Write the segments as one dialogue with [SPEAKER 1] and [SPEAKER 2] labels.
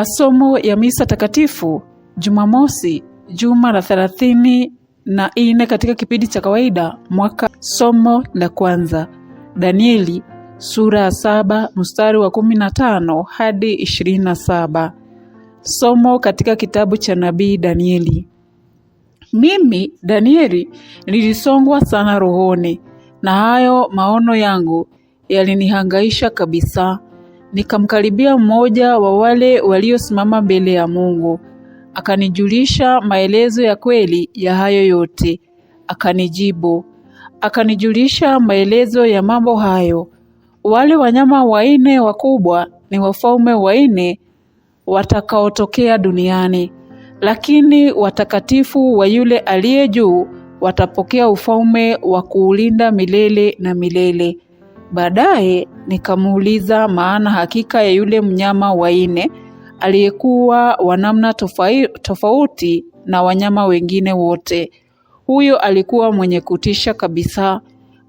[SPEAKER 1] Masomo ya misa takatifu Jumamosi, juma la thelathini na nne katika kipindi cha kawaida mwaka. Somo la kwanza Danieli sura ya saba mstari wa kumi na tano hadi ishirini na saba. Somo katika kitabu cha nabii Danieli. Mimi Danieli nilisongwa sana rohoni, na hayo maono yangu yalinihangaisha kabisa Nikamkaribia mmoja wa wale waliosimama mbele ya Mungu, akanijulisha maelezo ya kweli ya hayo yote. Akanijibu, akanijulisha maelezo ya mambo hayo. Wale wanyama waine wakubwa ni wafalme waine watakaotokea duniani, lakini watakatifu wa yule aliye juu watapokea ufalme wa kuulinda milele na milele. Baadaye nikamuuliza maana hakika ya yule mnyama waine aliyekuwa wa namna tofauti na wanyama wengine wote. Huyo alikuwa mwenye kutisha kabisa,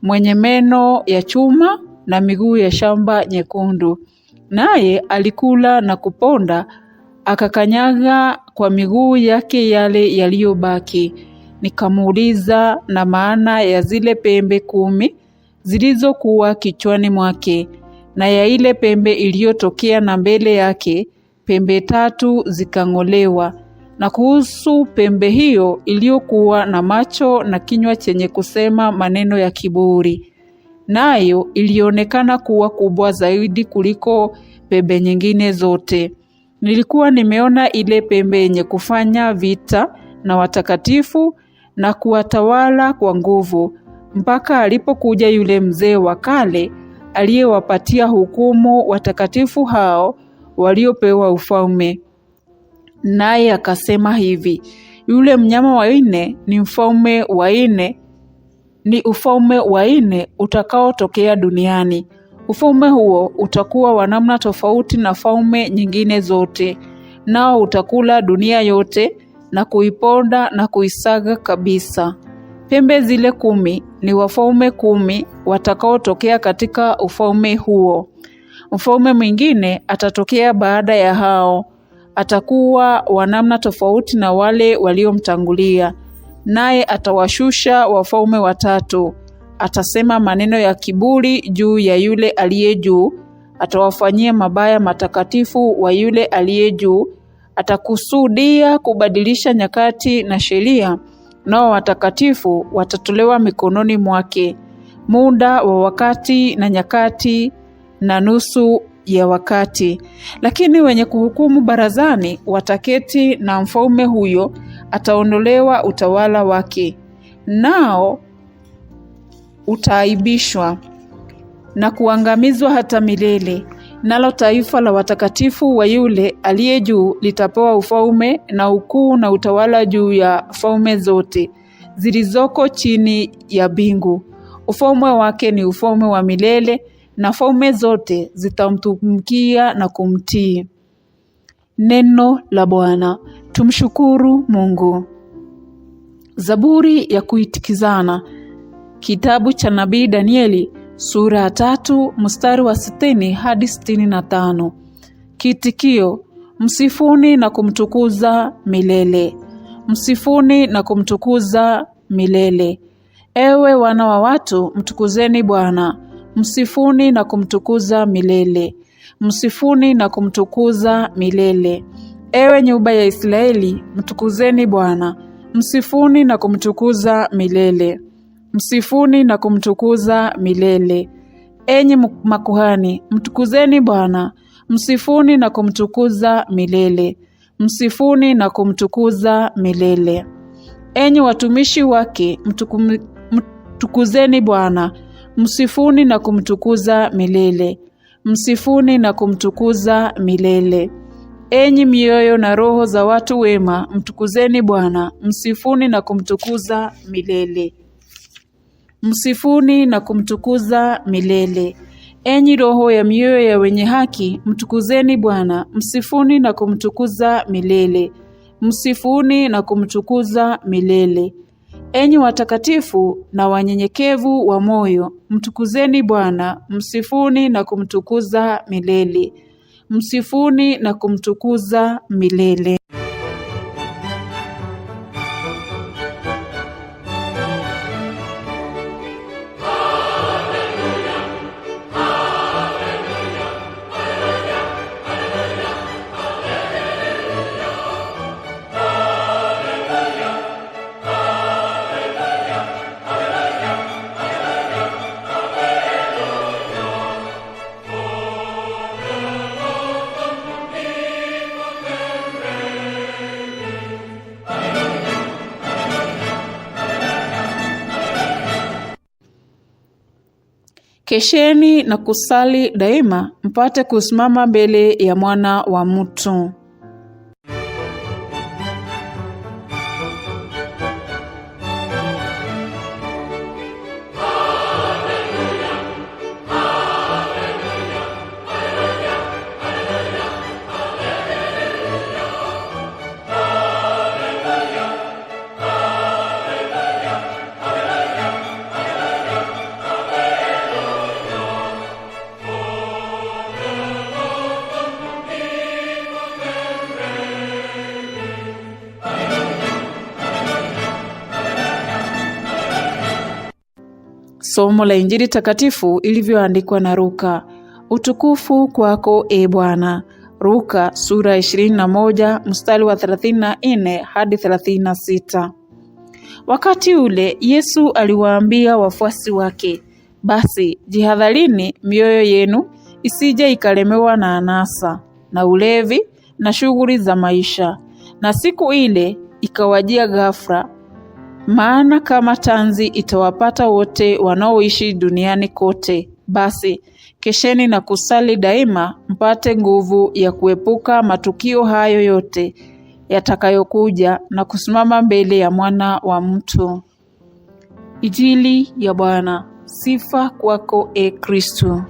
[SPEAKER 1] mwenye meno ya chuma na miguu ya shamba nyekundu. Naye alikula na kuponda, akakanyaga kwa miguu yake yale yaliyobaki. Nikamuuliza na maana ya zile pembe kumi zilizokuwa kichwani mwake na ya ile pembe iliyotokea na mbele yake pembe tatu zikang'olewa. Na kuhusu pembe hiyo iliyokuwa na macho na kinywa chenye kusema maneno ya kiburi, nayo ilionekana kuwa kubwa zaidi kuliko pembe nyingine zote. Nilikuwa nimeona ile pembe yenye kufanya vita na watakatifu na kuwatawala kwa nguvu, mpaka alipokuja yule mzee wa kale aliyewapatia hukumu watakatifu hao waliopewa ufalme. Naye akasema hivi, yule mnyama wa nne ni mfalme wa nne, ni ufalme wa nne utakaotokea duniani. Ufalme huo utakuwa wa namna tofauti na falme nyingine zote, nao utakula dunia yote na kuiponda na kuisaga kabisa. Pembe zile kumi ni wafalme kumi watakaotokea katika ufalme huo. Mfalme mwingine atatokea baada ya hao, atakuwa wa namna tofauti na wale waliomtangulia, naye atawashusha wafalme watatu. Atasema maneno ya kiburi juu ya yule aliye juu, atawafanyia mabaya matakatifu wa yule aliye juu, atakusudia kubadilisha nyakati na sheria nao watakatifu watatolewa mikononi mwake. Muda wa wakati na nyakati na nusu ya wakati. Lakini wenye kuhukumu barazani wataketi, na mfalme huyo ataondolewa utawala wake, nao utaaibishwa na kuangamizwa hata milele nalo taifa la watakatifu wa yule aliye juu litapewa ufalme na ukuu na utawala juu ya falme zote zilizoko chini ya mbingu. Ufalme wake ni ufalme wa milele, na falme zote zitamtumikia na kumtii. Neno la Bwana. Tumshukuru Mungu. Zaburi ya kuitikizana. Kitabu cha nabii Danieli sura ya tatu mstari wa sitini hadi sitini na tano. kitikio msifuni na kumtukuza milele, msifuni na kumtukuza milele. Ewe wana wa watu, mtukuzeni Bwana, msifuni na kumtukuza milele, msifuni na kumtukuza milele. Ewe nyumba ya Israeli, mtukuzeni Bwana, msifuni na kumtukuza milele msifuni na kumtukuza milele. Enyi makuhani, mtukuzeni Bwana, msifuni na kumtukuza milele, msifuni na kumtukuza milele. Enyi watumishi wake, mtukuzeni Bwana, msifuni na kumtukuza milele, msifuni na kumtukuza milele. Enyi mioyo na roho za watu wema, mtukuzeni Bwana, msifuni na kumtukuza milele msifuni na kumtukuza milele. Enyi roho ya mioyo ya wenye haki, mtukuzeni Bwana, msifuni na kumtukuza milele, msifuni na kumtukuza milele. Enyi watakatifu na wanyenyekevu wa moyo, mtukuzeni Bwana, msifuni na kumtukuza milele, msifuni na kumtukuza milele. Kesheni na kusali daima, mpate kusimama mbele ya mwana wa mtu. Somo la Injili takatifu ilivyoandikwa na Luka. Utukufu kwako e Bwana. Luka sura 21 mstari wa 34 hadi 36. Wakati ule Yesu aliwaambia wafuasi wake, basi jihadharini mioyo yenu isije ikalemewa na anasa na ulevi na shughuli za maisha, na siku ile ikawajia ghafla, maana kama tanzi itawapata wote wanaoishi duniani kote, basi kesheni na kusali daima, mpate nguvu ya kuepuka matukio hayo yote yatakayokuja na kusimama mbele ya Mwana wa Mtu. Ijili ya Bwana. Sifa kwako, e Kristo.